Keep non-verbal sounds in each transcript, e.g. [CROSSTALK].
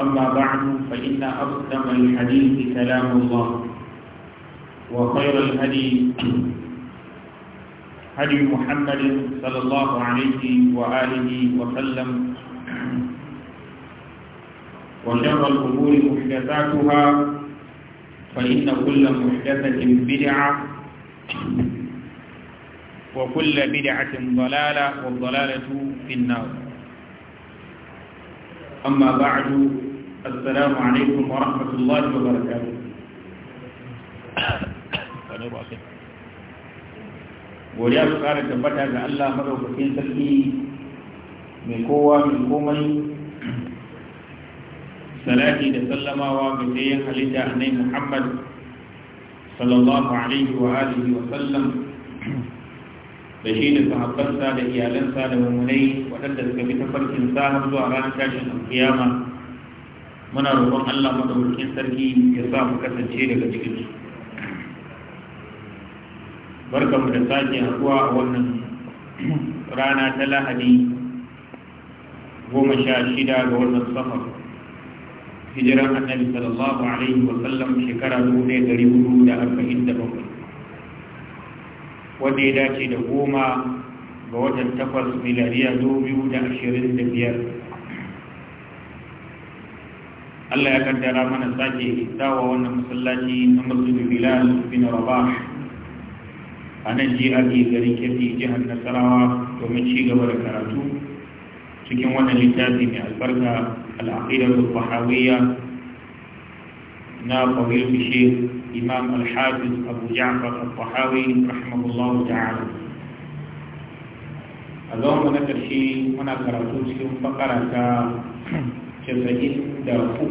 أما بعد فإن أصدق الحديث كلام الله وخير الهدي هدي محمد صلى الله عليه وآله وسلم وشر الأمور محدثاتها فإن كل محدثة بدعة وكل بدعة ضلالة والضلالة في النار أما بعد السلام عليكم ورحمة الله وبركاته godiya su kara tabbata ga Allah madaukakin sarki mai kowa mai komai salati da sallamawa ga sayan halitta annai Muhammad sallallahu alaihi wa alihi wa sallam da shi da sahabbarsa da iyalansa da mummunai waɗanda suka bi tafarkin sa har zuwa ranar tashin alkiyama muna roƙon Allah madaukakin sarki ya sa mu kasance daga cikin su barka mu da sake haɗuwa a wannan rana ta lahadi goma sha shida ga wannan safar hijiran annabi sallallahu alaihi wa sallam shekara dubu ɗaya ɗari hudu da arba'in da bakwai wanda ya dace da goma ga watan takwas miliyariya dubu biyu da ashirin da biyar Allah ya kaddara mana sake dawo wannan masallaci na Masjid Bilal bin Rabah a nan GRE garin Kebbi jihar Nasarawa domin ci gaba da karatu cikin wannan littafi mai albarka al-aqida na Fawil Sheikh Imam alhafiz hafiz Abu Ja'far Al-Bahawi rahimahullahu ta'ala a zama na ƙarshe muna karatu cikin bakara ta casa'in da uku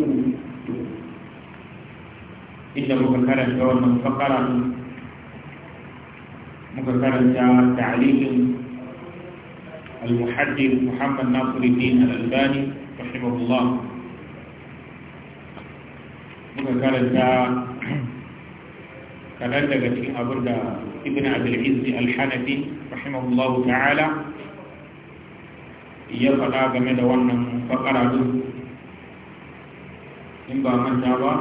inda muka karanta wannan fakara muka karanta ta'alimin المحدث محمد ناصر الدين الألباني رحمه الله muka karanta kaɗan daga cikin abin da ibn abdulizzi alhanafi rahimahullahu ta'ala ya faɗa game da wannan faƙara din إنبا من جاوا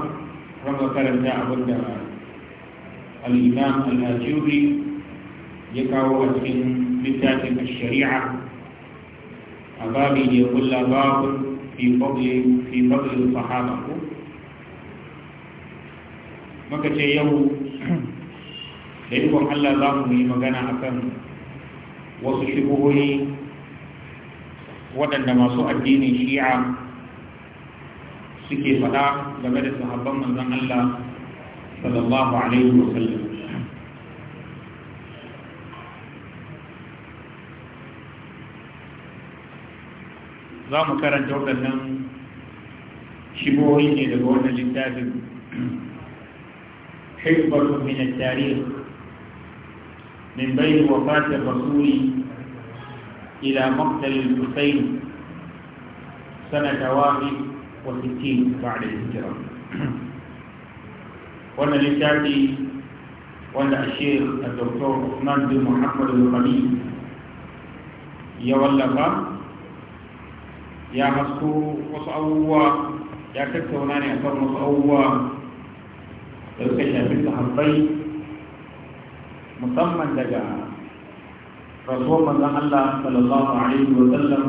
رب كرم جاء الإمام الأجوري يكاو أسكن بذات الشريعة أبابي يقول باب في فضل في فضل الصحابة ما كتشي يو لأنه حل باب في مكان أكن وصفه هي ودن ما سوء الدين الشيعة suke faɗa game da sahabban manzon Allah sallallahu alaihi wa sallam za mu karanta waɗannan shigohi ne daga wannan littafin حفظ من التاريخ من بين وفاة الرسول Ila مقتل الحسين سنة واحد والستين بعد الهجرة وانا لساتي وانا الشيخ الدكتور عثمان بن محمد الغني يا ولقا يا مسكو وصعوة يا كتا وناني أفر مصعوة يوكشا في الحربي مطمئن لجا رسول الله صلى الله عليه وسلم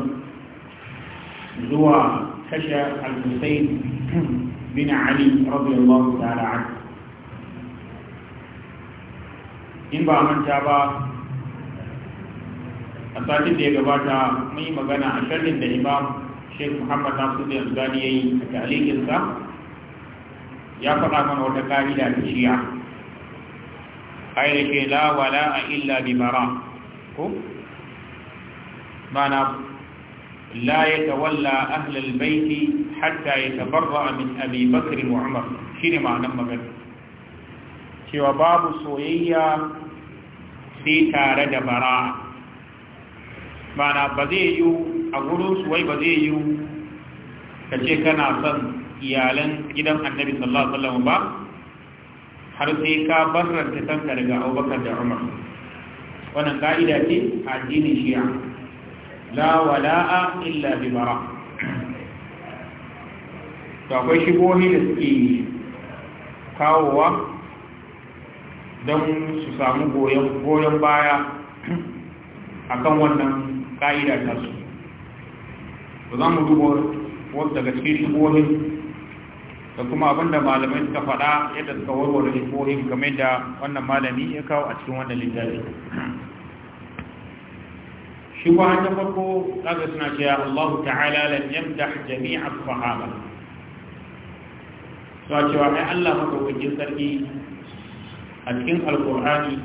زوا خشى al-husayn bin ali الله تعالى عنه in ba manta ba a satin da ya gabata mun yi magana a sharhin da imam sheikh muhammad da yanzu gani yayi a talikinsa ya faɗa mana wata ka'ida A shi'a ayyake la wala illa bi mara ko mana لا يتولى أهل البيت حتى يتبرأ من أبي بكر وعمر شين معنى مغنى cewa babu soyayya sai tare da bara mana ba zai yi a gurin suwai ba zai yi ka ce kana son iyalan gidan annabi sallallahu ba har sai ka barranta daga abubakar da umar wannan ka'ida ce a addinin shi'a la wala'a illa bi bara to akwai shigohi da suke kawowa don su samu goyon baya akan wannan ƙa'ida ta su za mu wasu daga cikin shigohin da kuma abinda malamai suka faɗa yadda suka warware shigohin game da wannan malami ya kawo a cikin wannan littafi shi kuma ta farko kaga suna cewa Allah ta'ala lan yamdah jami'a sahaba suna cewa ai Allah madaukakin sarki a cikin alkur'ani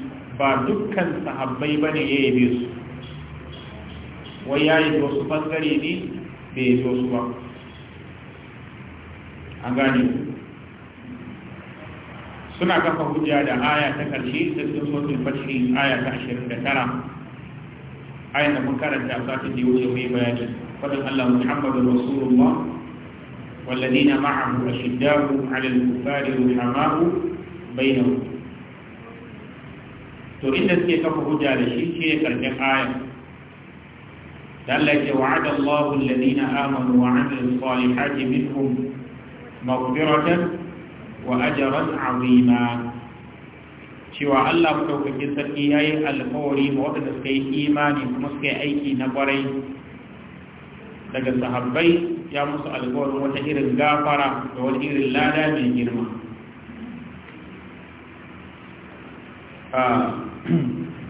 ba dukkan sahabbai bane ya yabe su wai ya yi wasu bangare ne bai yi su ba a gane suna kafa hujja da aya ta karshe da sun sosin fashi aya ta 29 ayin da mun karanta a satin da ya wuce mai bayani fadin Allah Muhammadu Rasulullah والذين معه أشداء على الكفار رحماء بينهم to inda suke kafa hujja da shi ke ne karshen aya da Allah ke wa'ada Allahu alladhina amanu wa 'amilu salihati minhum maghfiratan wa ajran 'azima cewa Allah madaukakin sarki ya yi alkawari ma waɗanda suka yi imani kuma suka yi aiki na ƙwarai daga sahabbai ya musu alkawarin wata irin gafara da wani irin lada mai girma ah, [CLEARS THROAT]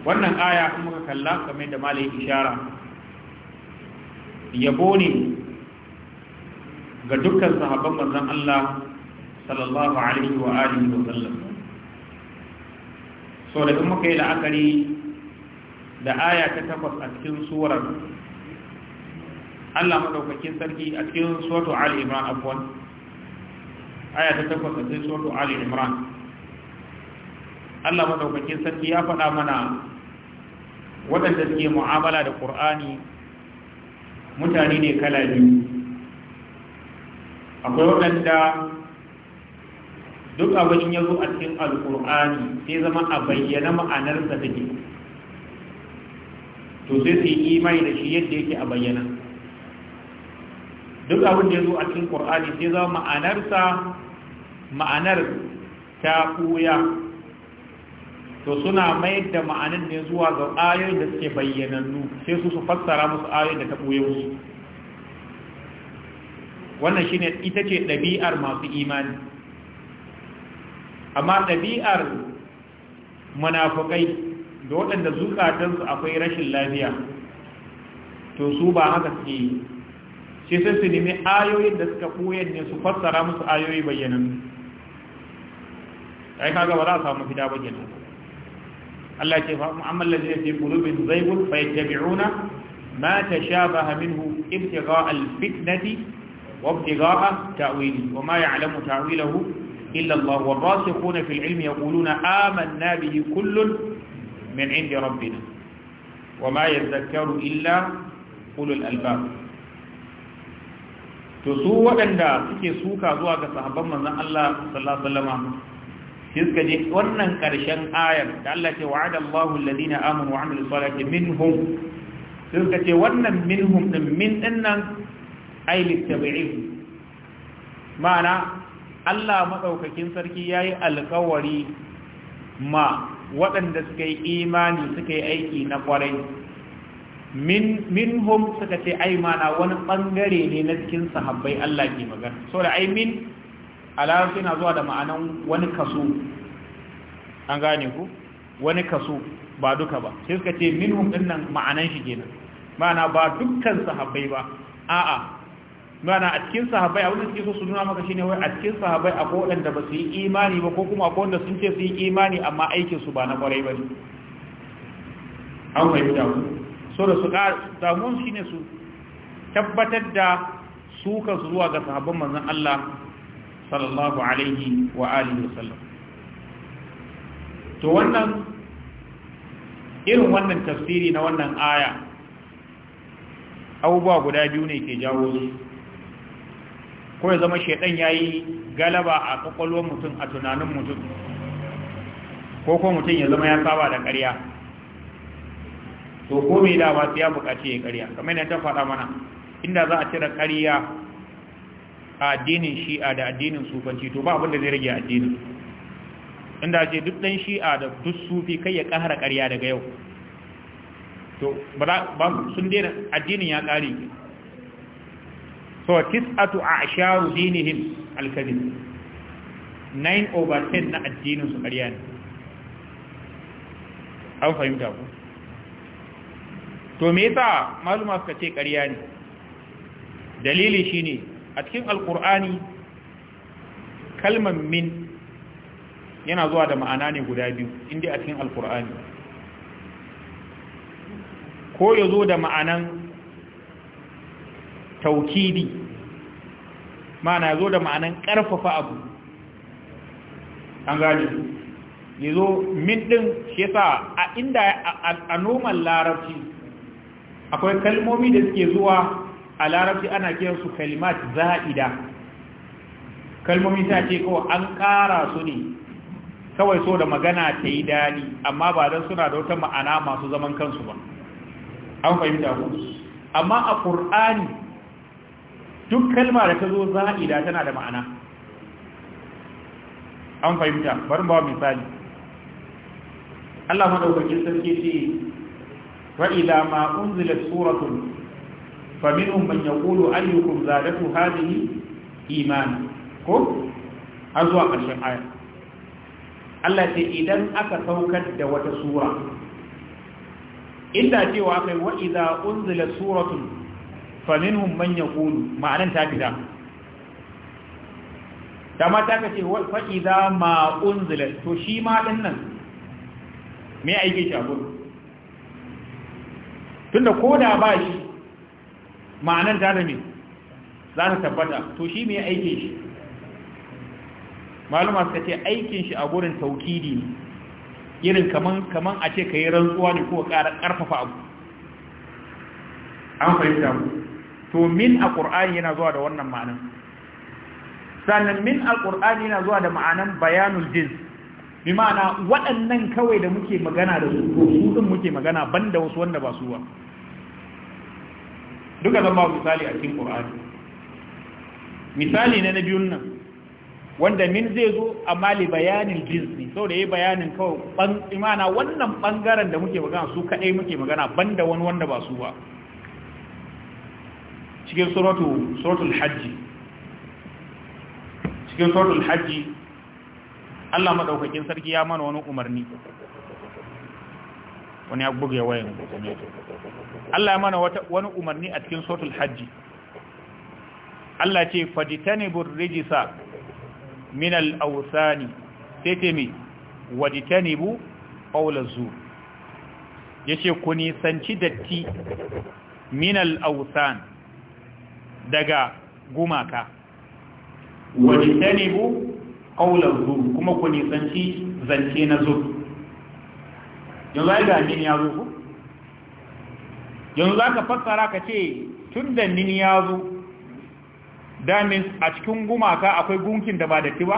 wannan aya kuma ka kalla kamar da malai ishara yabo ne ga dukkan sahabban manzan Allah sallallahu alaihi wa alihi wa sallam so da in muka yi la'akari da aya ta takwas a cikin tsoron. Allah madaukakin sarki a cikin suratu Ali Imran afwan aya ta takwas a cikin suratu Ali Imran Allah madaukakin sarki ya faɗa mana waɗanda suke mu'amala da Qur'ani mutane ne kala biyu akwai waɗanda duk abin ya zo a cikin alkur'ani sai zama a bayyana ma'anarsa take to sai su yi imani da shi yadda yake a bayyana duk abin da ya zo a cikin qur'ani sai zama ma'anarsa ma'anar ta kuya to suna mayar da ma'anin ne zuwa ga ayoyin da suke bayyanannu sai su su fassara musu ayoyin da ta kuya Wannan wannan shine ita ce ɗabi'ar masu imani amma ɗabi'ar munafukai da waɗanda zukatansu akwai rashin lafiya to su ba haka suke yi su nemi ayoyin da suka koyar ne su fassara musu ayoyi bayyanan ai kaga ba za a samu fita ba kenan Allah ce fa amma allazina fi qulubihim zaygun fayattabi'una ma tashabaha minhu ibtigha'a al-fitnati wa ibtigha'a ta'wili wa ma ya'lamu ta'wilahu إلا الله والراسخون في العلم يقولون آمنا به كل من عند ربنا وما يذكر إلا أولو الألباب تسوى أن تكي سوكا صحبا من الله صلى الله عليه وسلم suka je wannan ƙarshen ayar da Allah ce wa'ada Allahu alladhina amanu wa amilu salati minhum suka ce wannan minhum din min dinnan ay ma'ana Allah maɗaukakin sarki ya yi alkawari ma waɗanda suka yi imani suka yi aiki na ƙwarai min hum suka ce ai mana wani ɓangare ne na cikin sahabbai Allah ke magana so da ai min alarfi na zuwa da ma'anan wani kaso an gane ku wani kaso ba duka ba sai suka ce min hum ɗin nan ma'anan shi kenan ma'ana ba dukkan sahabbai ba a'a mana a cikin sahabbai abin da suke so su nuna maka shine wai a cikin sahabbai akwai wadanda ba su yi imani ba ko kuma akwai wanda sun ce su yi imani amma aikin su ba na kwarai ba ne an fahimta ku so da su damuwan shine su tabbatar da su ka zuwa ga sahabban manzon Allah sallallahu alaihi wa alihi wasallam to wannan irin wannan tafsiri na wannan aya abubuwa guda biyu ne ke jawo su ko ya zama shaidan ya yi galaba a kwakwalwar mutum a tunanin mutum ko ko mutum ya zama ya saba da ƙarya to ko mai dama sai ya buƙaci ya ƙarya kamar yadda ta faɗa mana inda za a cire ƙarya a addinin shi'a da addinin sufanci to ba abin da zai rage addinin inda ce duk ɗan shi'a da duk sufi kai ya ƙara ƙarya daga yau to ba sun daina addinin ya ƙare so tis'atu a'sharu dinihim al-kadhib 9 over 10 na addinin su ƙarya ne an fahimta ku to me yasa maluma suka ce ƙarya ne dalili ne, a cikin alqur'ani kalmar min yana zuwa da ma'ana ne guda biyu inda a cikin alkur'ani ko ya zo da ma'anan taukidi ma'ana zo da ma'anan ƙarfafa abu an gani ya zo min ɗin shi yasa a inda a noman larabci akwai kalmomi da suke zuwa a larabci ana su kalimat za'ida kalmomi ta ce kawai an ƙara su ne kawai so da magana ta yi daɗi amma ba don suna da wata ma'ana masu zaman kansu ba an fahimta ku amma a ƙur'ani duk kalma da ta zo za'ida tana da ma'ana an fahimta bari ba misali Allah madaukakin sarki ce fa idza ma unzila suratun fa minhum man yaqulu ayyukum zadatu hadhihi iman ko har zuwa ƙarshen aya Allah ce idan aka saukar da wata sura inda cewa kai wa idza unzila suratun faminhum man yaqulu ma'anan ta fita dama ta kace fa idza ma unzila to shi ma din nan me aike shi abun tunda koda ba shi ma'anan ta da me za ta tabbata to shi me aike shi maluma suka ce aikin shi a gurin taukidi ne irin kaman kaman a ce ka yi rantsuwa ne ko ka ƙarfafa abu an fahimta ku to min a ƙur'ani yana zuwa da wannan ma'anan sannan min a ƙur'ani yana zuwa da ma'anan bayanul jins bi ma'ana waɗannan kawai da muke magana da su ko su ɗin muke magana ban da wasu wanda ba su ba duka zan ba misali a cikin ƙur'ani misali na na biyun nan wanda min zai zo a mali bayanin jinsi sau da ya bayanin kawai imana wannan ɓangaren da muke magana su kaɗai muke magana ban da wani wanda ba su ba cikin suratul hajji cikin suratul hajji Allah madaukakin sarki ya mana wani umarni wani ya buga wayan Allah ya mana wani umarni a cikin suratul hajji Allah ce fajtanibur rijsa min al-awsani sai ce mi wajtanibu qawla zur yace ku nisanci datti min al-awsani daga gumaka wani tanibu ƙaular zuru kuma ku nisanci zance na zuru yanzu ai ga min ya zo ku yanzu za ka fassara ka ce tun da nini ya zo damin a cikin gumaka akwai gunkin da ba da tiba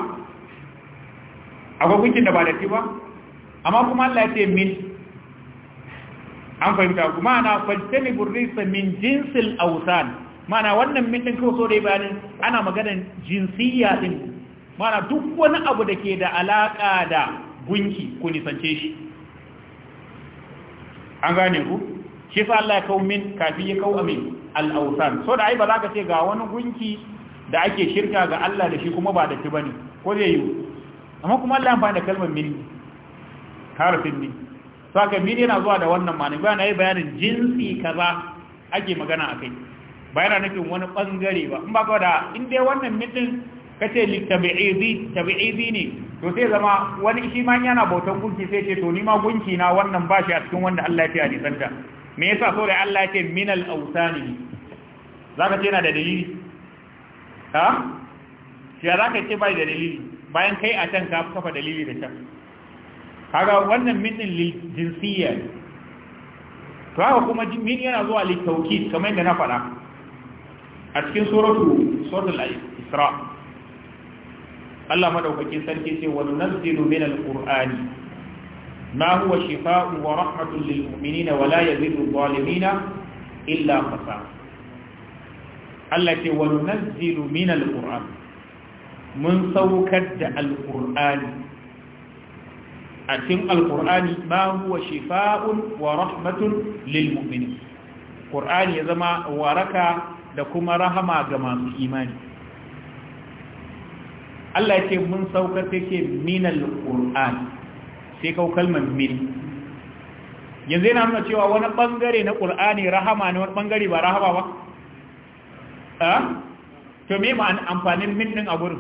akwai gunkin da ba da tiba amma kuma Allah ya ce min an fahimta kuma ana fajtani burrisa min jinsil ausan mana wannan min din kawai so bayanin ana maganan jinsiyya din mana duk wani abu da ke da alaƙa da gunki ko nisance shi an gane ku shi sa Allah ya kawo min kafin ya kawo amin al'ausan. so da ai ba za ka ce ga wani gunki da ake shirka ga Allah da shi kuma ba da shi bane ko zai yi amma kuma Allah ya amfani da kalmar min harfin min saka min yana zuwa da wannan ma'ana bayanin jinsi kaza ake magana akai ba yana nufin wani bangare ba in ba ka da in dai wannan mitin ka ce tabi'izi ne to sai zama wani shi ma yana bautan gunki sai ce to ni ma gunki na wannan ba shi a cikin wanda Allah ya fi nisanta me yasa so da Allah ya ce min al-awsani zaka ce yana da dalili ha shi zaka ce bai da dalili bayan kai a can ka kafa dalili da can kaga wannan min jinsiyya to haka kuma min yana zuwa litauki kamar yadda na faɗa a cikin suratu suratul isra Allah madaukakin sarki ce wa nunzilu min alqur'ani ma huwa shifaa'un wa rahmatun lil mu'minina wa la yazidu adh-dhalimina illa khasara Allah ce wa nunzilu min alqur'an mun saukar da alqur'ani a cikin alqur'ani ma huwa shifaa'un wa rahmatun lil mu'minin qur'ani ya zama waraka da kuma rahama ga masu imani Allah ce mun saukar take minal qur'an sai kau kalmar min yanzu yana nuna cewa wani bangare na qur'ani rahama ne wani bangare ba rahama ba a to me ma amfanin min din a gurin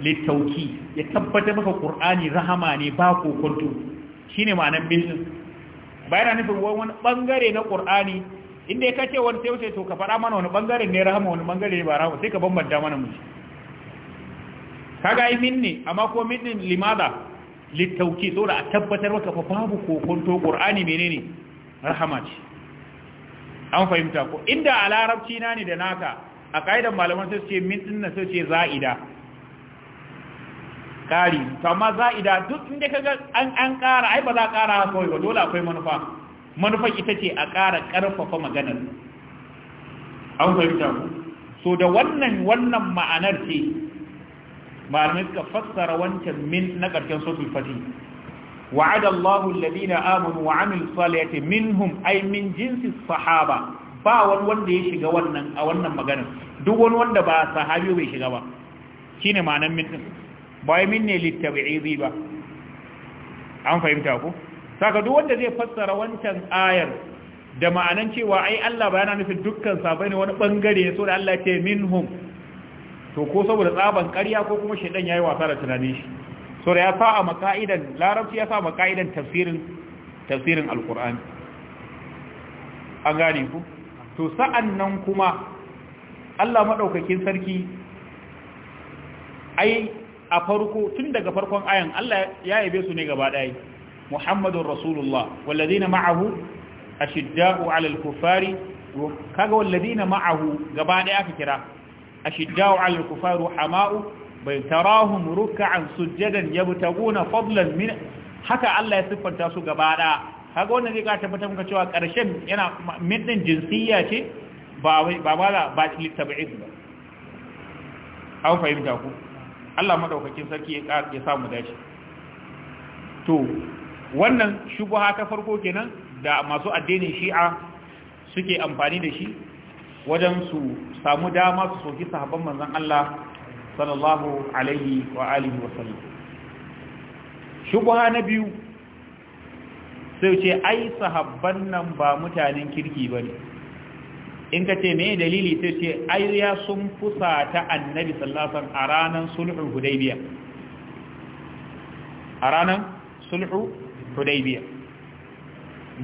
litauki ya tabbata maka qur'ani rahama ne ba ko kuntu shine ma'anar min din bayan nufin wani bangare na qur'ani inda ya kace wani sai wuce to ka faɗa mana wani bangare ne rahama wani bangare ba rahama sai ka bambanta mana mu kaga yi minni amma ko minni limada littauki saboda a tabbatar maka fa babu kokonto qur'ani menene rahama ce an fahimta ko inda a larabci na ne da naka a kaidan malaman sai ce min din sai ce za'ida kari to amma za'ida duk inda kaga an an kara ai ba za kara kawai ba dole akwai manufa manufar ita ce a ƙara ƙarfafa maganar an fahimta ku so da wannan wannan ma'anar ce malamai suka fassara wancan min na ƙarshen sosul fati wa'ada Allahu alladhina amanu wa amil salihati minhum ay min jinsi sahaba ba wani wanda ya shiga wannan a wannan maganar duk wani wanda ba sahabi bai shiga ba shine ma'anar min ɗin? ba min ne littabi'i ba an fahimta ku saka wanda zai fassara wancan ayar da ma'anan cewa ai Allah ba yana nufin dukkan sabai ne wani bangare so da Allah ce minhum to ko saboda tsaban ƙarya ko kuma shedan yayi wasa da tunani, shi so da ya sa a makaidan larabci ya sa makaidan tafsirin tafsirin alqur'ani an gane ku to sa'an kuma Allah madaukakin sarki ai a farko tun daga farkon ayan Allah ya yabe su ne gaba ɗaya محمد رسول الله والذين معه أشداء على الكفار كذا والذين معه قبال أفكرة أشداء على الكفار حماء تراهم ركعا سجدا يبتغون فضلا من haka Allah ya siffanta su gaba kaga wannan zai ka tabbatar muka cewa karshen yana middin jinsiyya ce ba ba ba ba ba ku Allah madaukakin sarki ya ya samu dace to wannan shubuha ta farko kenan da masu addinin shi'a suke amfani da shi wajen su samu dama su soki sahabban manzon Allah sallallahu alaihi wa alihi wa sallam shubuha na biyu sai ce ai sahabban nan ba mutanen kirki bane in ka ce me dalili sai ce ai ya sun fusa ta annabi sallallahu alaihi wa sallam a ranan sulhu a ranan sulhu hudaybiya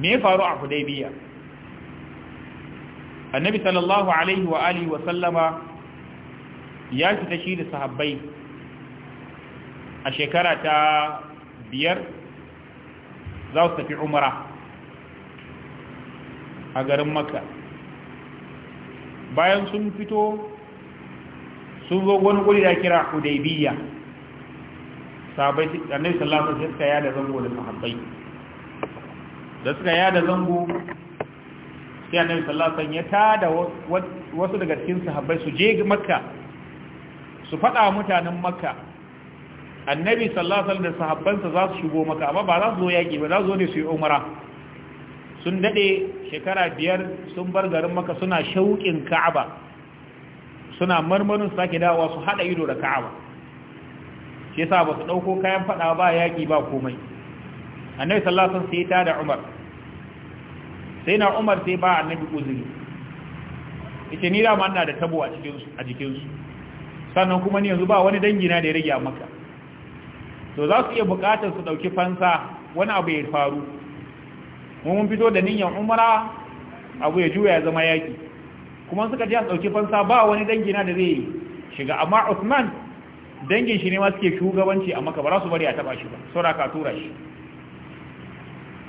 me ya faru a hudaybiya annabi sallallahu alaihi wa alihi wa sallama ya fita shi da sahabbai a shekara ta biyar za su tafi umara a garin makka bayan sun fito sun zo wani guri da kira hudaybiya sahabbai annabi sallallahu alaihi wasallam suka yada zango da sahabbai da suka yada zango sai annabi sallallahu alaihi wasallam ya tada wasu daga cikin sahabbai su je makka su fada mutanen makka annabi sallallahu alaihi wasallam da sahabbansa za su shigo makka amma ba za su zo yaki ba za su zo ne su yi umra sun dade shekara biyar sun bar garin makka suna shauƙin ka'aba suna marmarin sake dawowa su hada ido da ka'aba shi yasa ba su dauko kayan fada ba yaƙi ba komai annabi sallallahu alaihi wasallam sai ta da Umar sai na Umar sai ba annabi uzuri yace ni da ma da tabo a cikin su a jikin su sannan kuma ni yanzu ba wani dangi na da ya rage a Makka to za su iya buƙatar su dauki fansa wani abu ya faru mun fito da niyyar umara abu ya juya ya zama yaƙi kuma suka ji a dauki fansa ba wani dangi na da zai shiga amma Uthman dangin shi ne ma suke shugabanci a maka ba za su bari a taba shi ba saura ka tura shi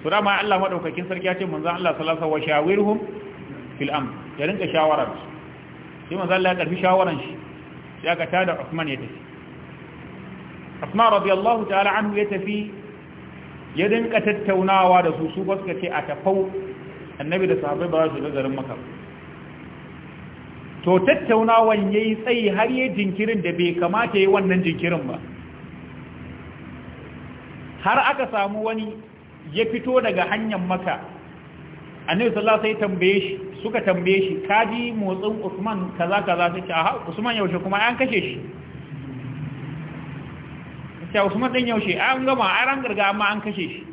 su dama Allah madaukakin sarki ya ce manzon Allah sallallahu alaihi wa shawirhum fil amr ya rinka shawara su sai manzon Allah ya karfi shawaran shi sai aka tada Uthman ya tafi Uthman radiyallahu ta'ala anhu ya tafi ya dinka tattaunawa da su su ba suka ce a tafau annabi da sahabbai ba za su ga maka ba to tattaunawan yi tsayi har yi jinkirin da bai kamata yi wannan jinkirin ba har aka samu wani ya fito daga hanyar maka annabi sallallahu alaihi ya tambaye shi suka tambaye shi kaji motsin Usman kaza kaza A aha Usman yaushe kuma an kashe shi ta Usman ɗin yaushe an gama a ran garga an kashe shi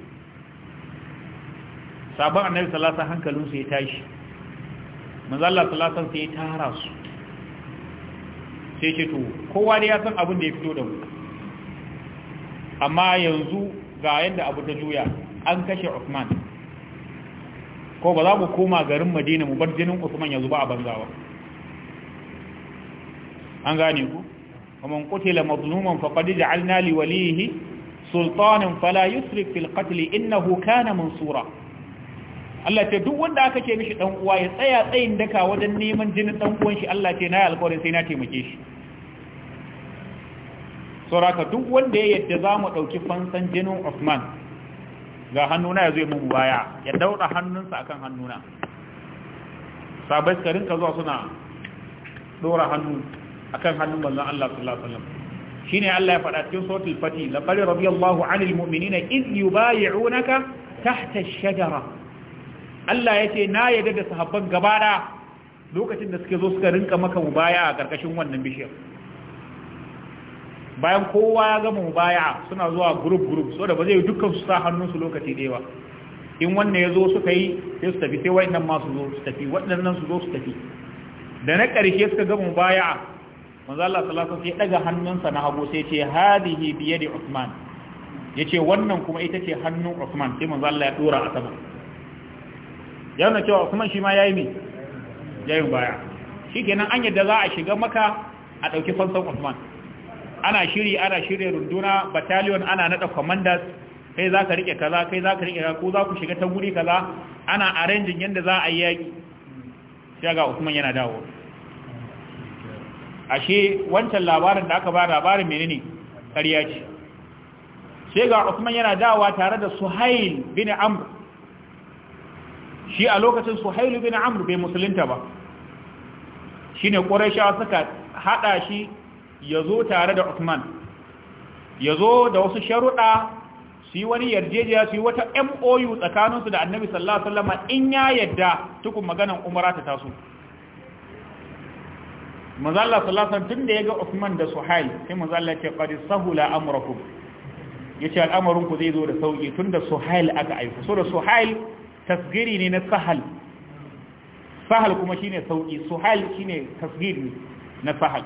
sabon annabi sallallahu alaihi wasallam su ya tashi manzala salatan sai ta hara su sai ce to kowa da ya san abin da ya fito da mu amma yanzu ga yadda abu ta juya an kashe Usman. ko ba za mu koma garin Madina mu bar jinin Uthman yanzu ba a banza ba an gane ku kuma in kutila mazlumun fa qad ja'alna li walihi sultanan fala yusrif fil qatl innahu kana mansura Allah ce duk wanda aka ce mishi dan uwa ya tsaya tsayin daka wajen neman jinin dan uwan shi Allah ce na yi alƙawarin sai na taimake shi sauraka duk wanda ya yadda zamu mu ɗauki fansan jinin Osman ga hannuna ya zo mun baya ya dauɗa hannunsa akan hannuna sabai suka rinka zuwa suna ɗora hannu akan hannun manzon Allah sallallahu alaihi wasallam shine Allah ya faɗa cikin suratul fatih laqad radiyallahu 'anil mu'minina id yubay'unaka tahta ash-shajara Allah ya ce na yadda da sahabban gabara lokacin da suke zo suka rinka maka mubaya a ƙarƙashin wannan bishiyar bayan kowa ya gama mubaya suna zuwa group group so da ba zai dukkan su sa hannunsu lokaci ɗaya ba in wannan ya zo suka yi sai su tafi sai waɗannan ma su zo su tafi waɗannan su zo su tafi da na ƙarshe suka gama mubaya manzo Allah sallallahu alaihi wasallam sai ɗaga hannunsa na hagu sai ce hadihi bi Usman." Uthman yace wannan kuma ita ce hannun Uthman sai manzo Allah ya dora a sama ya na cewa Usman shi ma yayi ne yayi baya shikenan an yadda za a shiga maka a dauki fansan Usman ana shiri ana shirye runduna battalion ana nada commanders kai za ka rike kaza kai za ka kaza ko za ku shiga ta guri kaza ana arrangin yadda za a yi yaƙi sai ga Usman yana dawo ashe wancan labarin da aka ba labarin menene ƙarya ce sai ga Usman yana dawo tare da Suhail bin Amr shi a lokacin suhailu bin amur bai musulunta ba Shi shine quraishawa suka hada shi ya zo tare da Usman. Ya zo da wasu sharuɗa su yi wani yarjejiya su yi wata MOU tsakaninsu da Annabi sallallahu alaihi wasallam in ya yadda tukun maganan umara ta taso Mazalla Allah sallallahu tun da ya ga Usman da Suhail sai mazalla ce sahula amurakun Ya ce ku zai zo da sauki tunda Suhail aka aiki so da Suhail tasgiri ne na sahal sahal kuma shine sauki suhal shine tasgiri na sahal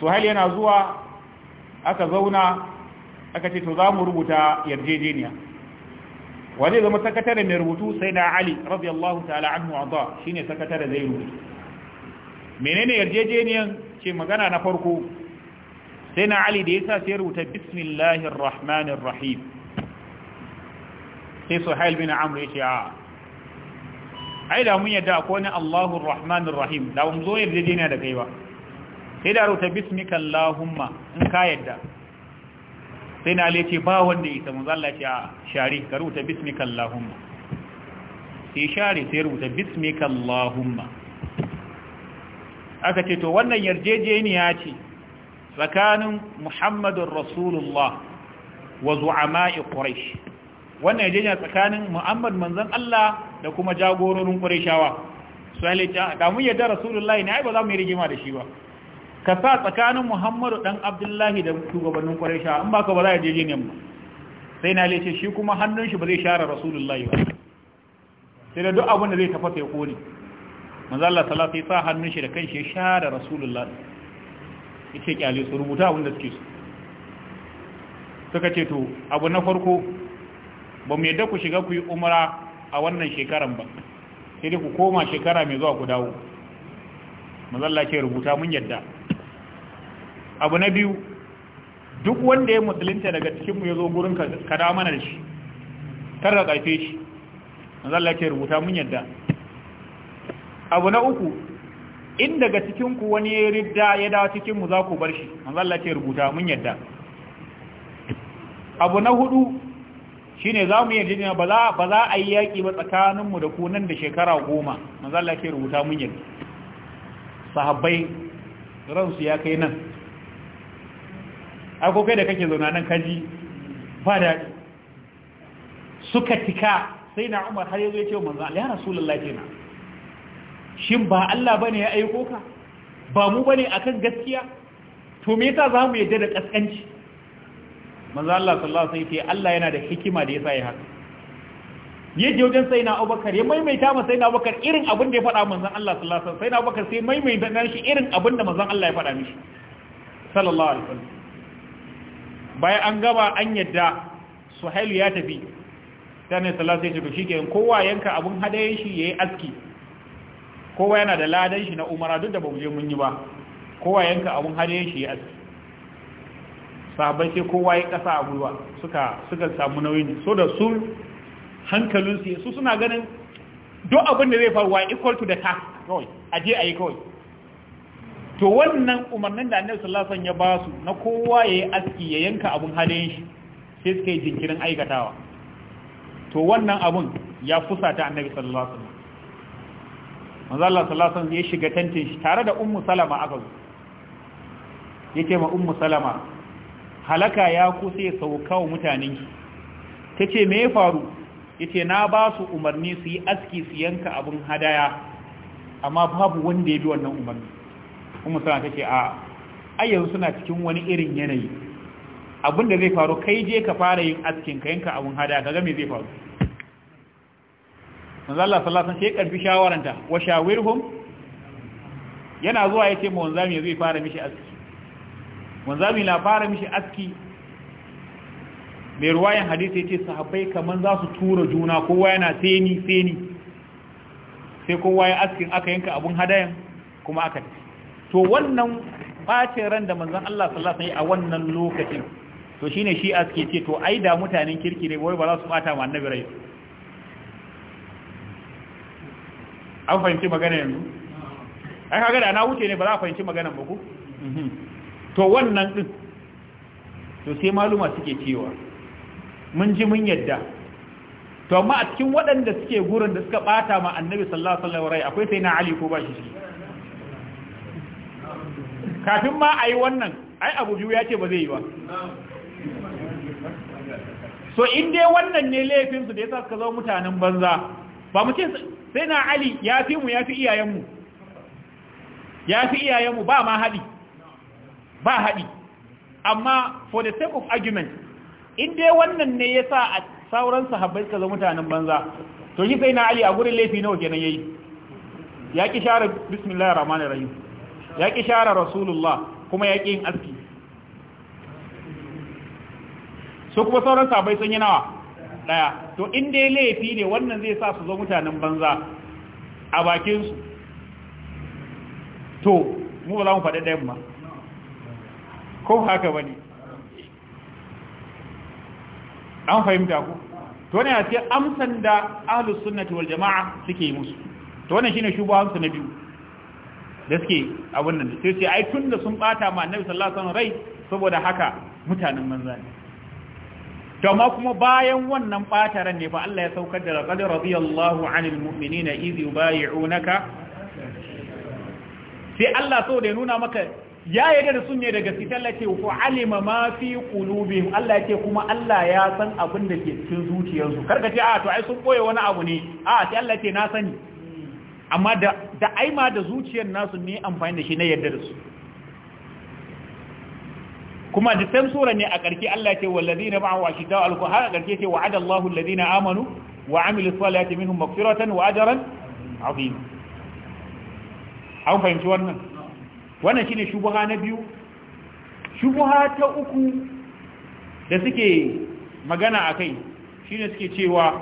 suhal yana zuwa aka zauna aka ce to za mu rubuta yarjejeniya wani zama sakatare mai rubutu sai na ali radiyallahu ta'ala anhu adha shine sakatare zai rubuta menene yarjejeniyan ce magana na farko sai na ali da yasa sai rubuta bismillahir rahmanir rahim sai suhail bin amr yace a ai da mun yadda akwai wani Allahu Rahmanir Rahim da mun zo yadda dai ne da kai ba sai da rubuta bismika Allahumma in ka yadda sai na lece ba wanda isa mun zalla ce a share ka rubuta bismika Allahumma sai share sai rubuta bismika Allahumma aka ce to wannan yarjejeniya ce tsakanin Muhammadur Rasulullah wa zu'ama'i Quraysh wannan ya jenya tsakanin muhammad manzon Allah da kuma jagororin ƙureshawa su halitta da mun yadda rasulullahi ne ai ba za mu yi rigima da shi ba ka sa tsakanin muhammadu dan abdullahi da shugabannin ƙureshawa in ba ka ba za a yajejeniyan ba sai na lece shi kuma hannun shi ba zai share rasulullahi ba sai da duk abin da zai tafasa ya kone manzo Allah sallallahu alaihi wasallam sa hannun shi da kanshi ya share rasulullahi yake kyale su rubuta abin da suke so suka ce to abu na farko ba mu yadda ku shiga ku yi umara a wannan shekaran ba sai dai ku koma shekara mai zuwa ku dawo mazalla ce rubuta mun yadda abu na biyu duk wanda ya musulunta daga cikinmu ya zo gurin ka da mana da shi kar ka karfe shi mazalla ce rubuta mun yadda abu na uku in daga cikinku wani ya ridda ya dawo cikinmu za ku bar shi mazalla ce rubuta mun yadda abu na hudu shine za mu yi ne ba za a yi yaƙi ba tsakaninmu da ku nan da shekara goma manzo Allah ke rubuta mun yi sahabbai ransu ya kai nan ai ko kai da kake zauna nan kaji ba daɗi suka tika sai na umar har yanzu ya ce wa ya ya rasulullah na shin ba Allah bane ya aiko ka ba mu bane akan gaskiya to me yasa mu yadda da ƙasƙanci? manzo Allah sallallahu alaihi wasallam Allah yana da hikima da yasa ya haka yaje wajen sai na Abubakar ya maimaita ma sai na Abubakar irin abin da ya faɗa manzo Allah sallallahu alaihi wasallam sai na Abubakar sai maimaita dan shi irin abin da manzo Allah ya faɗa mishi sallallahu alaihi wasallam bayan an gaba an yadda Suhail ya tafi sai ne sallallahu alaihi wasallam shike kowa yanka abun hadayen shi yayi aski kowa yana da ladan shi na umara duk da mu je mun yi ba kowa yanka abun hadayen shi yayi aski sahabbai sai kowa ya kasa a gwiwa suka suka samu nauyin so da su hankalin su su suna ganin duk abin da zai faruwa equal to the task kawai a je a yi kawai to wannan umarnin da annabi sallallahu alaihi wasallam ya ba su na kowa ya yi aski ya yanka abun halin shi sai suka yi jinkirin aikatawa to wannan abun ya fusata annabi sallallahu alaihi wasallam manzo Allah sallallahu alaihi wasallam ya shiga tantin shi tare da ummu salama aka zo yake ma ummu salama halaka ya kusa ya sauka wa mutanenki ta ce me ya faru yace na ba su umarni su yi aski su yanka abin hadaya amma babu wanda ya bi wannan umarni kuma suna ta ce a yanzu suna cikin wani irin yanayi abin da zai faru kai je ka fara yin askin ka yanka abin hadaya kaga me zai faru manzo Allah sallallahu alaihi wasallam sai karfi shawaranta wa shawirhum yana zuwa yace mu wanzami zai fara mishi aski manzami na fara mishi aski mai ruwayan hadisi yace sahabbai kamar za su tura juna kowa yana seni seni sai kowa ya askin aka yanka abun hadayan kuma aka tafi to wannan bace ran da manzon Allah sallallahu alaihi a wannan lokacin to shine shi aski yace to ai da mutanen kirki ne wai ba za su bata ma annabi rai an fahimci magana yanzu ai kaga da na wuce ne ba za a fahimci magana ba ku mhm. to wannan din to sai maluma suke cewa mun ji mun yadda to amma a cikin waɗanda suke gurin da suka bata ma annabi sallallahu alaihi wasallam akwai sai na ali ko ba shi kafin ma yi wannan ai abu biyu ya ce ba zai yi ba so in dai wannan ne laifin su da yasa suka zama mutanen banza ba mu ce sai na ali ya fi mu ya fi iyayenmu ya fi iyayenmu ba ma haɗi ba haɗi amma for the sake of argument in dai wannan ne ya sa a sauran sahabbai suka zama mutanen banza to shi sai na ali a gurin laifi nawa kenan yayi ya ki share bismillahir rahmanir rahim ya ki share rasulullah kuma ya ki yin aski so kuma sauran sahabbai sun yi nawa daya to in dai laifi ne wannan zai sa su zo mutanen banza a bakin su to mu ba za mu faɗi ɗayan ba ko haka bane an fahimta ku to ne a ce amsan da ahlus sunnati wal jama'a suke yi musu to wannan shine hansu na biyu da suke abin nan sai sai ai da sun bata ma annabi sallallahu alaihi wasallam rai saboda haka mutanen manzani. ne to amma kuma bayan wannan bata ne fa Allah ya saukar da qad radiyallahu anil mu'minina idh yubay'unaka sai Allah so da nuna maka ya yarda da sun ne daga cikin Allah ce ku alima ma fi qulubihim Allah ce kuma Allah ya san abin da ke cikin zuciyarsu karka ce a ah, to ai sun koye wani abu ne a sai Allah ce na sani amma da da aima da zuciyar nasu ne amfani da shi na yarda da su kuma da san sura ne a karki Allah ce wallazina ba'u ashidau alku har karki ce wa'ada Allahu allazina amanu wa amilu salati minhum maghfiratan wa ajran azim an fahimci wannan wannan shine shubuha na biyu shubuha ta uku da suke magana akai shine suke cewa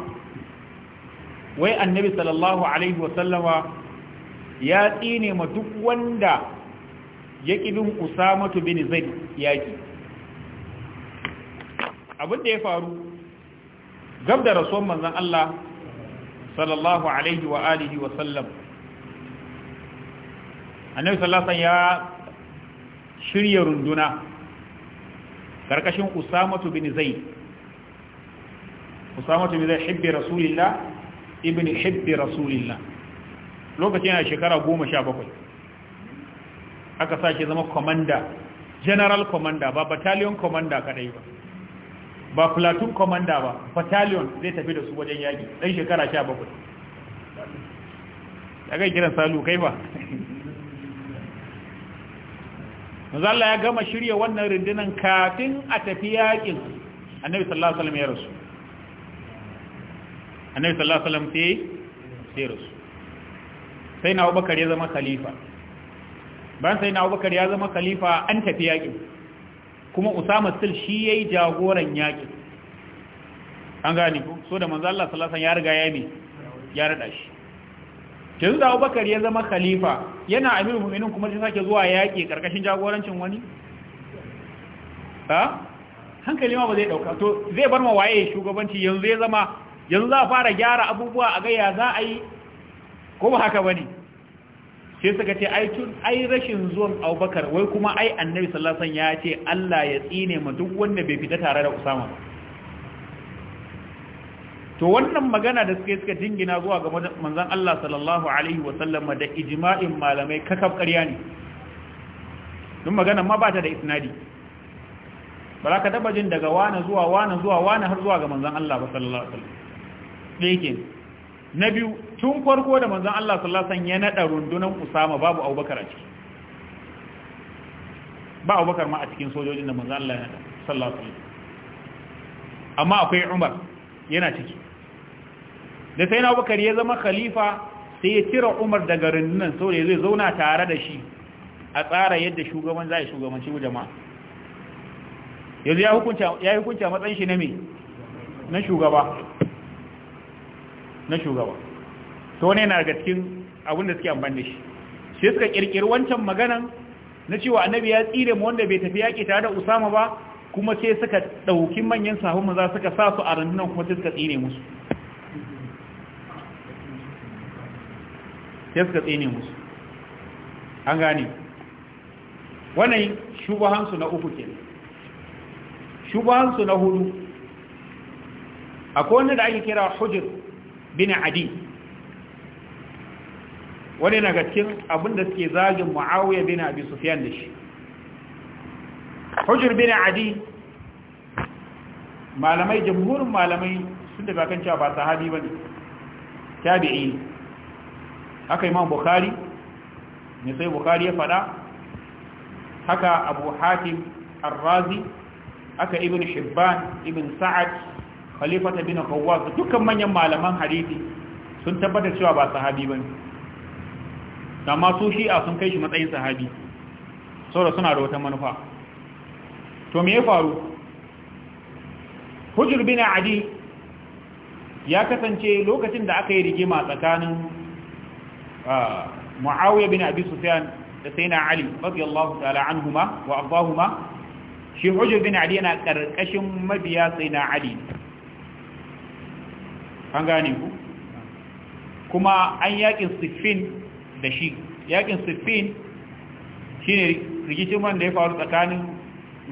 wai annabi sallallahu alaihi wasallama ya tsine ma duk wanda ya ƙidin usamatu bin zaid yaki abin da ya faru gab da rasuwan manzon Allah sallallahu alaihi wa alihi wa sallam annabi sallallahu alaihi ya shirya runduna karkashin usamatu bin zaid usamatu bin zaid hibbi rasulillah ibn hibbi rasulillah lokacin yana shekara 17 aka sake zama commander general commander ba battalion commander kadai ba ba platoon commander ba battalion zai tafi da su wajen yaki dan shekara 17 kai kiran salu kai ba manzo ya gama shirya wannan rundunan kafin a tafi yakin annabi sallallahu alaihi wasallam ya rasu annabi sallallahu alaihi wasallam sai sai rasu sai na Abubakar ya zama khalifa ban sai na Abubakar ya zama khalifa an tafi yakin kuma Usama still shi yayi jagoran yakin an gane ko so da manzo sallallahu alaihi wasallam ya riga ya yi ya rada shi yanzu da Abubakar ya zama khalifa yana abin mu'minin kuma sai sake zuwa yaƙi karkashin jagorancin wani ha hankali ma ba zai dauka to zai bar ma waye shugabanci yanzu ya zama yanzu za a fara gyara abubuwa a ga za a yi ko ba haka bane sai suka ce ai tun ai rashin zuwan Abubakar wai kuma ai Annabi sallallahu alaihi wasallam ya ce Allah ya tsine ma duk wanda bai fita tare da Usama ba to wannan magana da suke suka jingina zuwa ga manzon Allah sallallahu alaihi wa sallama da ijma'in malamai kakaf ƙarya ne don magana ma ba ta da isnadi ba za ka taba jin daga wani zuwa wani zuwa wani har zuwa ga manzon Allah sallallahu alaihi wasallam yake na biyu tun farko da manzon Allah sallallahu alaihi wasallam ya nada rundunan Usama babu Abubakar a ciki ba Abubakar ma a cikin sojojin da manzon Allah ya naɗa, sallallahu alaihi wasallam amma akwai Umar yana ciki da sai na bukari ya zama khalifa sai ya cire umar daga rundunan sau da zai zauna tare da shi a tsara yadda shugaban za a shugabanci jama'a yanzu ya hukunci a matsayin shi na na shugaba na shugaba to ne na daga cikin abin da suke amfani da shi sai suka kirkiri wancan maganan na cewa annabi ya tsire mu wanda bai tafi yaƙi tare da usama ba kuma sai suka ɗauki manyan sahun maza suka sa su a rundunan kuma sai suka tsire musu sai suka tsine musu an gane wannan shubahansu na uku ke shubahansu na hudu akwai wanda da ake kira hujir bin adi wani na gaskin abinda suke zagin mu'awiyar bin abi sufiyan da shi hujir bin adi malamai jamhurin malamai sun da bakan cewa ba sahabi ba ne tabi'i haka imam bukhari ne sai bukhari ya fada haka abu hatim arrazi haka ibn shibban ibn sa'ad khalifata bin qawwas dukkan manyan malaman hadisi sun tabbatar cewa ba sahabi bane amma su shi a sun kai shi matsayin sahabi saboda suna da wata manufa to me ya faru hujr bin adi ya kasance lokacin da aka yi rigima tsakanin muawiya bin abi sufyan da sayyidina ali radiyallahu ta'ala anhuma wa abdahuma shi hujjar bin ali yana karkashin mabiya sayyidina ali an gane ku kuma an yakin siffin da shi yakin siffin shine rikicin wanda ya faru tsakanin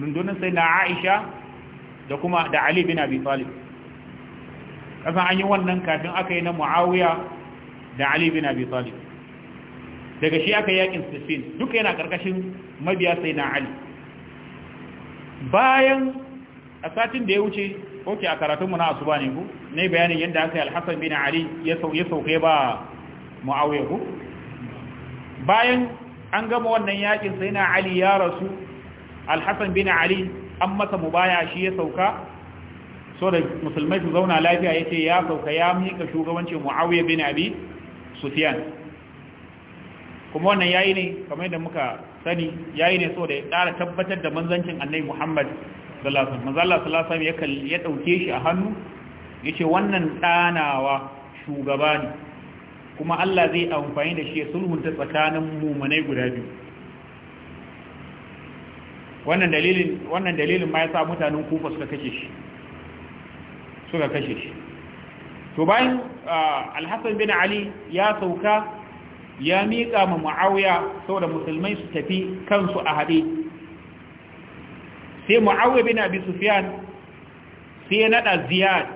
rundunar sayyidina aisha da ali bin abi talib an yi wannan kafin aka yi na muawiya da ali bin abi talib daga shi aka yakin sifin duka yana karkashin mabiya sai na ali bayan a satin da ya wuce oke a karatunmu na asuba ne ku ne bayanin yadda aka yi alhassan bin ali ya sauke ba mu'awiyar ku bayan an gama wannan yakin sai na ali ya rasu alhassan bin ali an masa mu baya shi ya sauka so da musulmai su zauna lafiya ya ce ya sauka ya mika shugabancin mu'awiyar bin abi sufiyan kuma wannan yayi ne kamar yadda muka sani yayi ne da ya ƙara tabbatar da manzancin annabi Muhammad sallallahu alaihi wasallam manzo Allah sallallahu alaihi wasallam ya dauke shi a hannu yace wannan ɗanawa shugaba ne kuma Allah zai amfani da shi ya sulhunta tsakanin mumunai guda biyu wannan dalilin wannan dalilin ma sa mutanen Kufa suka kace shi suka kashe shi to bayan ah, Al-Hasan bin Ali ya sauka ya miƙa ma mu'awiya saboda musulmai su tafi kansu a haɗe sai mu'awiya bin abi sufyan sai ya naɗa ziyad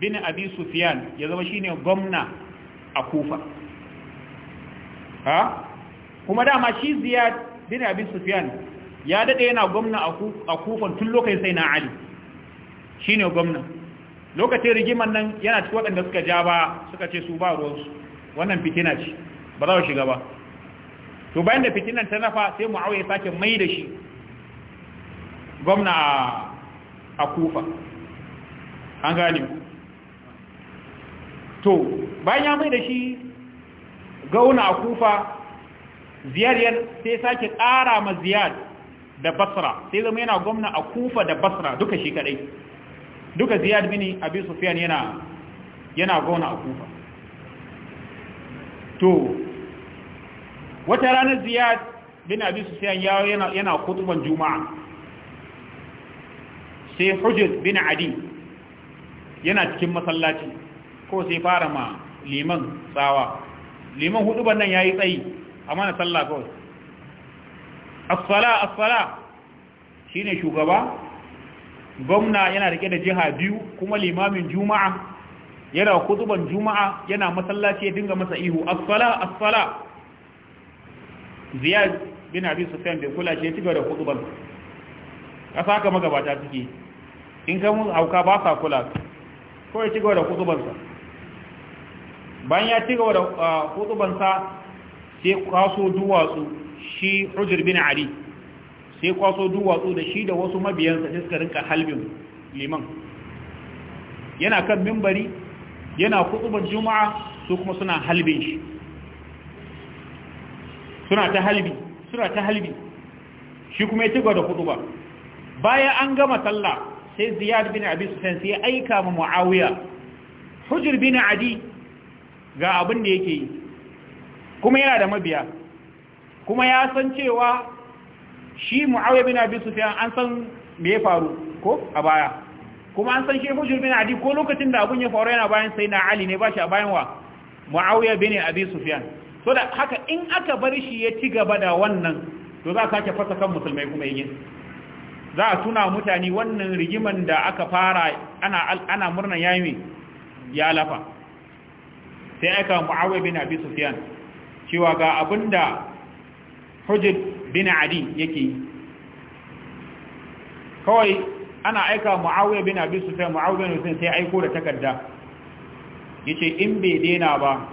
bin abi sufyan ya zama shine gwamna a kufa ha kuma dama shi ziyad bin abi sufyan ya daɗe yana gwamna a kufan tun lokacin sai na ali shine gwamna lokacin rigiman nan yana cikin waɗanda suka ja ba suka ce su ba ruwansu wannan fitina ce ba za su shiga ba to bayan da fitinan ta nafa sai muawiya ya sake mai da shi gwamna a kufa an gane to bayan ya mai da shi gauna a kufa ziyariyar sai sake ƙara ma ziyar da basra sai zama yana gwamna a kufa da basra duka shi kadai duka ziyar mini abi sufiyan yana gauna a kufa to wata ranar ziyad bin abi sufyan yawo yana yana kutuban juma'a sai hujr bin adi yana cikin masallaci ko sai fara ma liman tsawa liman hudu ban nan yayi tsayi amma na sallah kawai as-sala as-sala shine shugaba gwamna yana rike da jiha biyu kuma limamin juma'a yana kutuban juma'a yana masallaci ya dinga masa ihu asfala asfala ziyad bin abi sufyan bai kula shi ya cigaba da kutuban kasa haka magabata suke in ka mun hauka ba sa kula ko ya cigaba da sa bayan ya cigaba da sa sai kwaso duwatsu shi hujr bin ali sai kwaso duwatsu da shi da wasu mabiyansa suka rinka halbin liman yana kan mimbari yana kutubar juma'a su kuma suna halbe shi suna ta halbi suna ta halbi shi kuma ya ci da kutuba bayan an gama sallah sai ziyar bin abin sufyan sai ya aika ma muawiya hujjir bin adi ga abin da yake yi kuma yana da mabiya kuma ya san cewa shi muawiya bin abin sufyan an san me ya faru ko a baya kuma an san shi Bushr Adi ko lokacin da abin ya faru yana bayan sai na Ali ne ba shi a bayan wa Muawiya bin Abi Sufyan so da haka in aka bar shi ya ci gaba da wannan to za ka sake fasa kan musulmai kuma yin za a tuna mutane wannan rigiman da aka fara ana ana murnan yayi ya lafa sai aka Muawiya bin Abi Sufyan cewa ga abinda da bin Adi yake kawai ana aika mu'awiyya bin abi sufyan mu'awiyya ne sai aiko da takarda yace in bai dena ba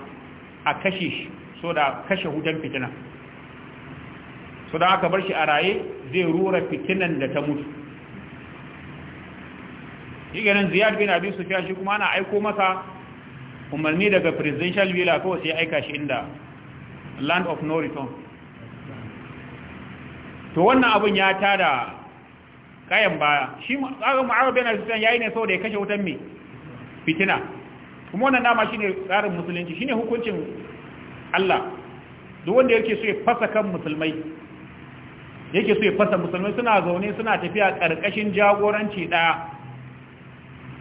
a kashe shi so da kashe hutan fitina so da aka bar shi a raye zai rura fitinan da ta mutu shi ganin ziyad bin abi sufyan shi kuma ana aiko masa umarni daga presidential villa ko sai aika shi inda land of no return to wannan abun ya tada kayan baya shi tsarin mu'arab yana fitan yayi ne saboda ya kashe wutan mai fitina kuma wannan dama shine tsarin musulunci shine hukuncin Allah duk wanda yake so ya fasa kan musulmai yake so ya fasa musulmai suna zaune suna tafiya karkashin jagoranci daya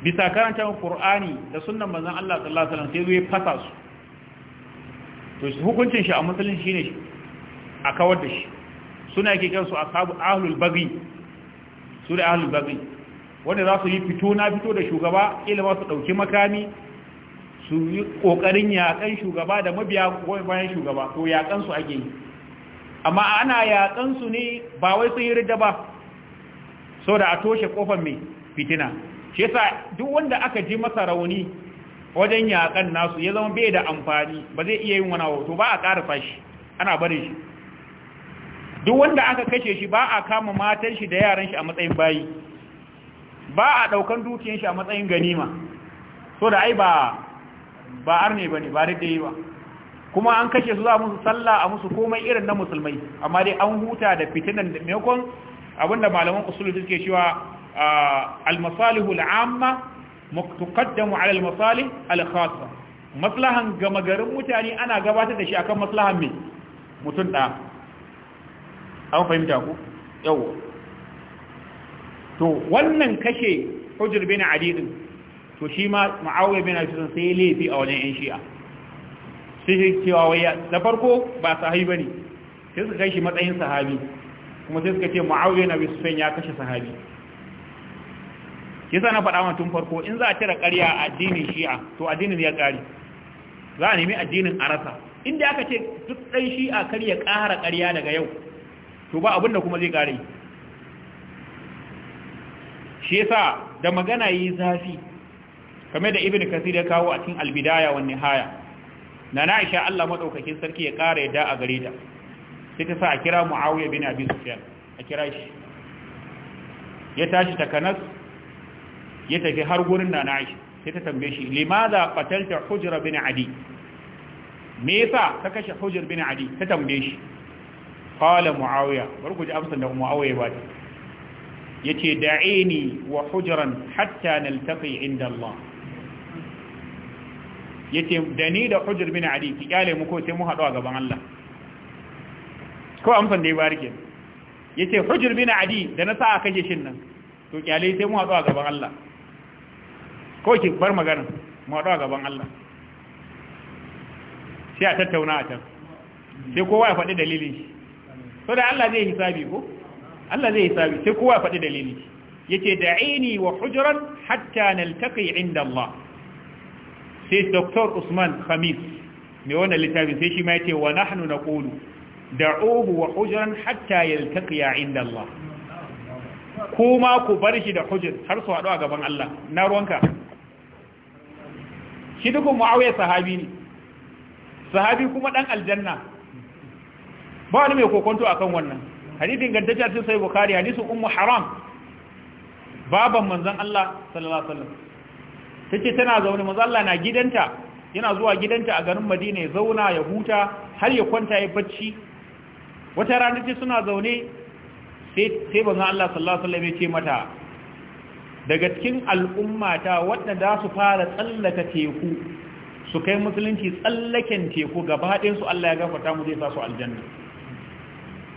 bisa karantar Qur'ani da sunnan manzon Allah sallallahu alaihi wasallam sai ya fasa su to hukuncin shi a musulunci shine a kawar da shi suna yake kansu ashabu ahlul bagi. su da ahlul baghi wanda za su yi fito na fito da shugaba ila ma su dauki makami su yi kokarin yaƙan shugaba da mabiya bayan shugaba to yaƙan su ake yi amma ana yaƙan su ne ba wai sun yi rida ba da a toshe kofar mai fitina shi yasa duk wanda aka ji masa rauni wajen yaƙan nasu ya zama bai da amfani ba zai iya yin wani hoto ba a ƙara fashi ana barin shi duk wanda aka kashe shi ba a kama matan shi da yaran shi a matsayin bayi ba a daukan dukiyan shi a matsayin ganima so da ai ba ba arne bane ba dai ba kuma an kashe su za musu sallah a musu komai irin na musulmai amma dai an huta da fitinan da mekon abinda malaman usul suke cewa al-masalihu al-amma tuqaddamu ala al-masalih al-khassa maslahan gama garin mutane ana gabatar da shi akan maslahan mai mutun da an fahimta ku yawo to wannan kashe hujjar bin adidin to shi ma ma'awiyar bin adidin sai laifi a wajen yan shi'a sai shi cewa waya da farko ba sahabi ba ne sai suka kai shi matsayin sahabi kuma sai suka ce ma'awiyar na bisufen ya kashe sahabi yasa na faɗa tun farko in za a cire ƙarya a addinin shi'a to addinin ya ƙari za a nemi addinin arasa inda aka ce duk ɗan shi'a kar ƙara ƙarya daga yau to ba abinda kuma zai kare shi yasa da magana yi zafi kamar da ibnu kasir ya kawo a cikin albidaya wa nihaya na Aisha Allah madaukakin sarki ya kare yadda a gare ta sai ta sa a kira Muawiya bin Abi Sufyan a kira shi ya tashi takanas ya tafi har gurin na Aisha sai ta tambaye shi limadha qatalta hujra bin Adi me yasa ka kashe hujra bin Adi ta tambaye shi qala muawiya bar ku ji amsar da muawiya ba ta yace da'ini wa hujran hatta naltaqi inda Allah yace da ni da hujr bin ali ki kyale mu ko sai mu hadu a gaban Allah ko amsan da ya bari ke yace hujr bin ali da na sa kake shin nan to kyale sai mu hadu a gaban Allah ko ki bar magana mu hadu a gaban Allah sai a tattauna a can sai kowa ya faɗi dalilin shi so da Allah zai hisabi ko Allah zai hisabi sai kowa faɗi dalili yace da'ini wa hujran hatta naltaqi inda Allah sai Dr. Usman Khamis mai wannan littafin sai shi ma yace wa nahnu naqulu da'uhu wa hujran hatta yaltaqiya inda Allah kuma ku bar shi da hujjar har su haɗu a gaban Allah na ruwanka shi dukkan mu'awiyar sahabi ne sahabi kuma ɗan aljanna ba wani mai kokonto akan wannan hadithin gantacce cikin sai bukari hadisin ummu haram baban manzon Allah sallallahu alaihi wasallam take tana zaune manzon Allah na gidanta yana zuwa gidanta a garin Madina ya zauna ya huta har ya kwanta ya bacci wata rana ce suna zaune sai sai manzon Allah sallallahu alaihi wasallam ya ce mata daga cikin al'ummata waɗanda za su fara tsallaka teku su kai musulunci tsallaken teku gaba ɗayan su Allah ya gafarta mu zai sa su aljanna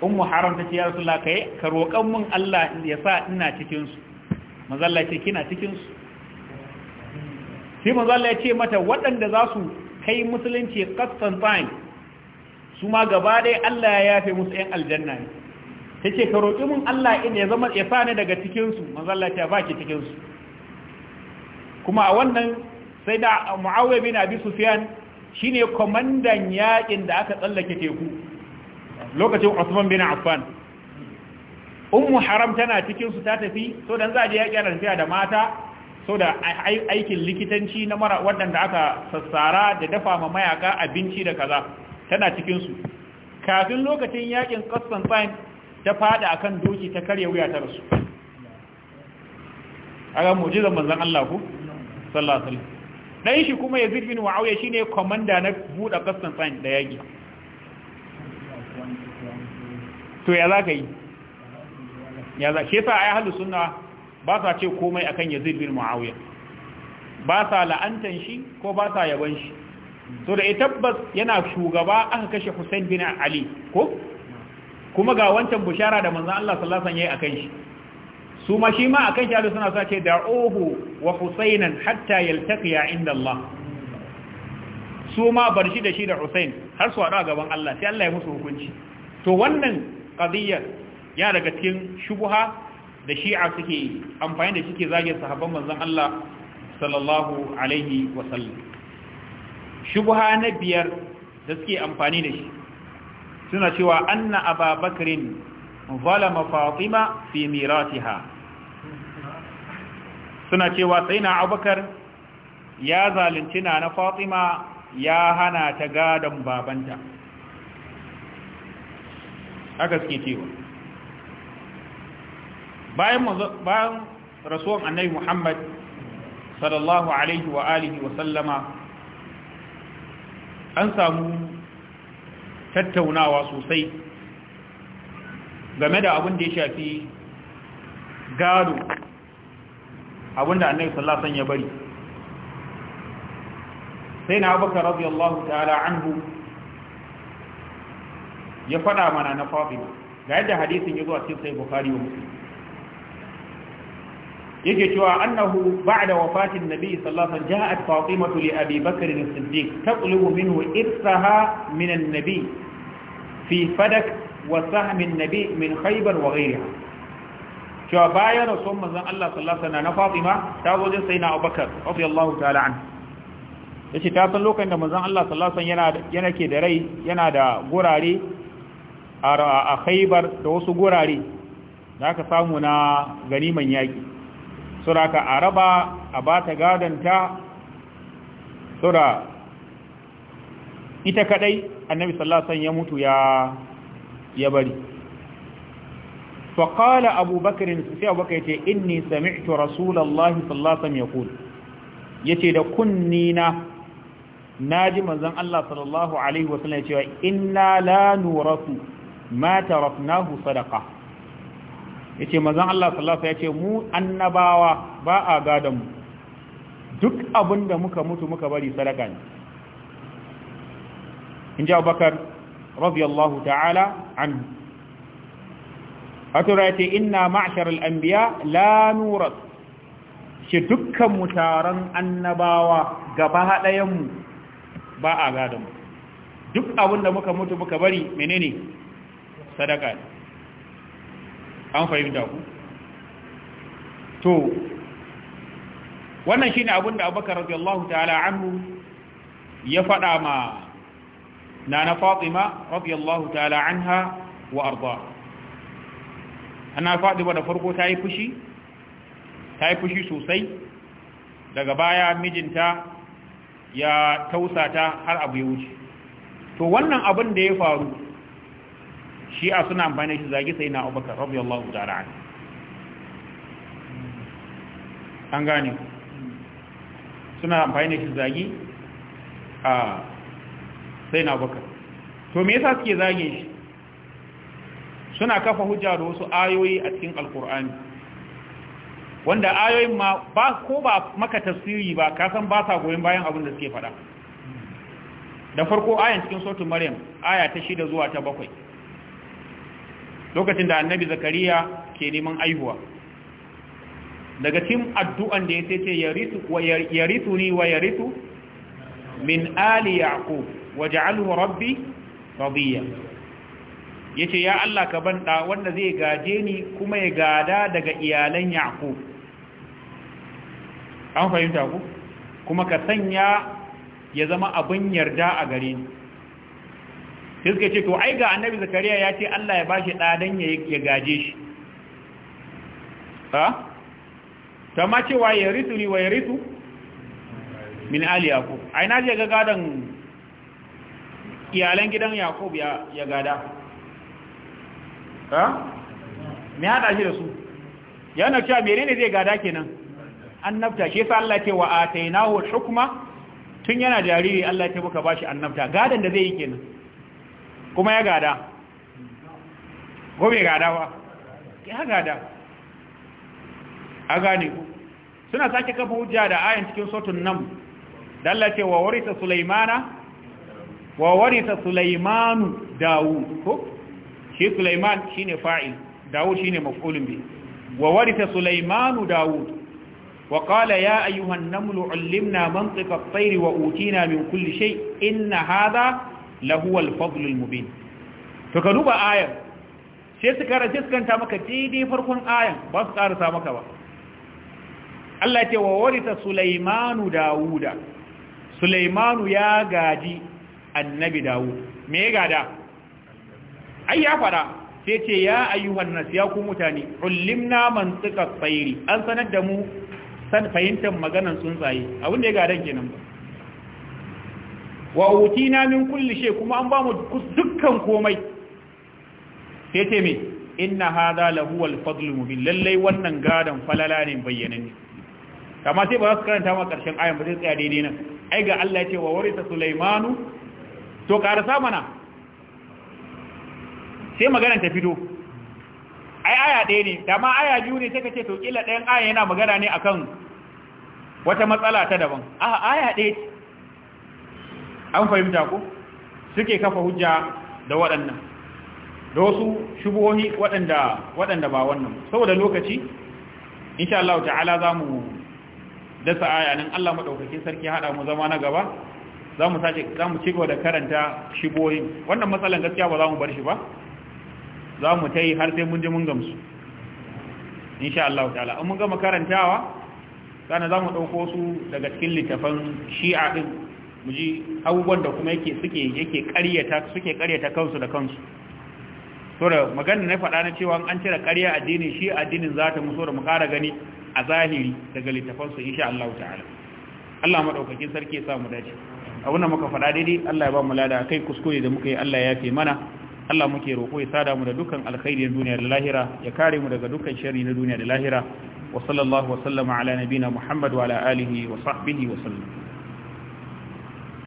ummu haram ta ce ya rasulullah kai ka roƙan mun Allah ya sa ina cikin su ce kina cikin su sai Mazalla ya ce mata waɗanda za su kai musulunci qastan time su ma gaba dai Allah ya yafe musu yan aljanna ne ce ka roƙi mun Allah in ya zama ya sa ni daga cikin su manzo ce ba ki cikin su kuma a wannan sai da Muawiya bin Abi Sufyan shine komandan yakin da aka tsallake teku lokacin Usman bin Affan ummu haram tana cikin su ta tafi so dan za a je yaki ana tafiya da mata so da aikin likitanci na mara waɗanda aka sassara da dafa ma mayaka abinci da kaza tana cikin su kafin lokacin yakin tsayin ta fada akan doki ta karya wuya ta rasu aga mu'jizar manzon Allah ku sallallahu alaihi wasallam dan shi kuma Yazid bin Muawiya shine komanda na buɗe tsayin da yaki to ya za ka yi ya za ke sa a yi suna ba sa ce komai akan yazid bin mu'awiyar ba sa la'antan shi ko ba sa yaban shi to da tabbas yana shugaba aka kashe hussein bin ali ko kuma ga wancan bushara da manzan Allah sallallahu ya yi akan shi su ma shi ma akan shi halu suna sace da ohu wa Hussainan hatta yaltaqiya inda Allah su ma bar shi da shi da husain har su haɗu a gaban Allah sai Allah ya musu hukunci to wannan qadiyyar ya daga cikin shubuha da shi'a suke amfani da suke zagin sahabban manzon Allah sallallahu alaihi wa sallam na biyar da suke amfani da shi suna cewa anna ababakrin zalama fatima fi miratiha suna cewa sai na abubakar ya zalunci na na fatima ya hana ta gadon babanta aka suke cewa bayan bayan rasuwan annabi Muhammad sallallahu alaihi wa alihi wa sallama an samu tattaunawa sosai game da abin da ya shafi gado abin da annabi sallallahu alaihi ya bari سيدنا أبو بكر رضي الله تعالى عنه يفدى من أنا فاطمة لعد حديث يضوى سيد سيد بخاري ومسلم يجي شوى أنه بعد وفاة النبي صلى الله عليه وسلم جاءت فاطمة لأبي بكر الصديق تطلب منه إرثها من النبي في فدك وسهم النبي من خيبر وغيرها شوى باير صلى الله عليه وسلم أنا فاطمة تابو سيدنا أبو بكر رضي الله تعالى عنه yace ta san lokacin da manzon Allah sallallahu alaihi wasallam yana ke da rai yana da gurare a Khaybar da wasu gurare da aka samu na ganiman yaki sura ka araba a bata gadanta sura ita kadai annabi sallallahu alaihi wasallam ya mutu ya ya bari فقال أبو بكر سيأبو بكر يتي إني سمعت رسول الله صلى الله عليه وسلم يقول يتي دا na. Na ji manzon Allah sallallahu alaihi wa sallam cewa inna la nurasu ma tarafnahu sadaqa ce manzon Allah sallallahu ya ce mu annabawa ba a gadan mu duk abinda muka mutu muka bari sadaka ne inji Abubakar radiyallahu ta'ala an. anhu ya ce inna ma'shar al-anbiya la nurasu shi dukkan mutaran annabawa gaba haɗayenmu ba a gadon duk abinda muka mutu muka bari menene sadaka an fahimta ku to wannan shine abin da abubakar radiyallahu ta'ala anhu ya faɗa ma nana fatima radiyallahu ta'ala anha wa arda ana fatima da farko ta yi fushi ta yi fushi sosai daga baya mijinta ya tausata har abu ya wuce to wannan abin da ya faru shi'a suna amfani shi zagi sai na abubakar radiyallahu ta'ala anhu an gane suna amfani shi zagi a sai na abubakar to me yasa suke zage shi suna kafa hujja da wasu ayoyi a cikin alkur'ani wanda ayoyin ma ba ko ba maka tafsiri ba ka san ba sa goyon bayan abin da suke faɗa da farko ayan cikin sautin maryam aya ta shida zuwa ta bakwai lokacin da annabi zakariya ke neman aihuwa daga cikin addu'an da ya sai ce yaritu ni wa yaritu min ali yaqub ja'alhu rabbi radiya yace ya Allah ka banɗa, wanda zai gaje ni kuma ya gada daga iyalan yaqub an fahimta ku kuma ka sanya ya zama abin yarda a gare ni sai suka ce to ai ga annabi zakariya ya ce Allah ya bashi ɗa dan ya gaje shi ha ta ma cewa ya ritu ni wa ya ritu min ali yaqub ai na je ga gadan iyalan gidan yaqub ya ya gada ha me hada shi da su yana cewa menene zai gada kenan annabta shi yasa Allah ce wa atainahu hukma tun yana jariri Allah ya muka bashi annabta gadan da zai yi kenan kuma ya gada ko bai gada ba ya gada a gane ku suna sake kafa hujja da ayan cikin sotun nan da Allah ce wa warisa Sulaimana wa warisa Sulaimanu dawu ko shi Sulaiman shine fa'il dawu shine maf'ulun bi wa warisa Sulaimanu Dawud وقال يا أيها النمل علمنا منطق الطير وأوتينا من كل شيء إن هذا لهو الفضل المبين فكذوب آية سيسكرة سيسكنت مكة تيدي فرق آية بس قارسة مكة بقى. Allah ce wa warisa Sulaimanu Dawuda Sulaimanu ya gaji annabi da'u, me ya gada ai ya sai ce ya ayyuhan nas ya ku mutane ullimna mantiqa tsairi an sanar da mu san fahimtar maganan tsuntsaye abin da ya gadan kenan ba wa utina min kulli shay kuma an ba mu dukkan komai sai ce me inna hadha lahu al-fadl mubin lalle wannan gadan falala ne ne. kama sai ba za su karanta ma karshen ayan ba sai tsaya daidai nan ai ga Allah ya ce wa warisa sulaimanu to karasa mana sai maganar ta fito ai aya ɗaya ne da ma aya biyu ne sai ka ce to kila ɗayan aya yana magana ne akan wata matsala ta daban a aya ɗaya ce an fahimta ko suke kafa hujja da waɗannan da wasu shubuhohi waɗanda waɗanda ba wannan saboda lokaci insha Allah ta'ala za mu dasa aya nan Allah madaukakin sarki hada mu zama na gaba za mu sace za mu ci gaba da karanta shubuhohin wannan matsalan gaskiya ba za mu bar shi ba za mu ta yi har sai mun ji mun gamsu insha Allah ta'ala an mun gama karantawa sana za mu ɗauko su daga cikin littafan shi'a ɗin mu ji abubuwan da kuma yake suke yake ƙaryata suke ƙaryata kansu da kansu so da magana na faɗa na cewa an cire ƙarya addini shi addinin za ta muso da mu ƙara gani a zahiri daga littafan su insha Allah ta'ala Allah madaukakin sarki ya sa mu dace a wannan muka faɗa daidai Allah ya ba mu lada kai kuskure da muka yi Allah ya yafe mana Allah muke roƙo ya sada mu da dukkan alkhairi na duniya da lahira ya kare mu daga dukkan sharri na duniya da lahira wa sallallahu wa sallama ala nabina Muhammad wa ala alihi wa sahbihi wa sallam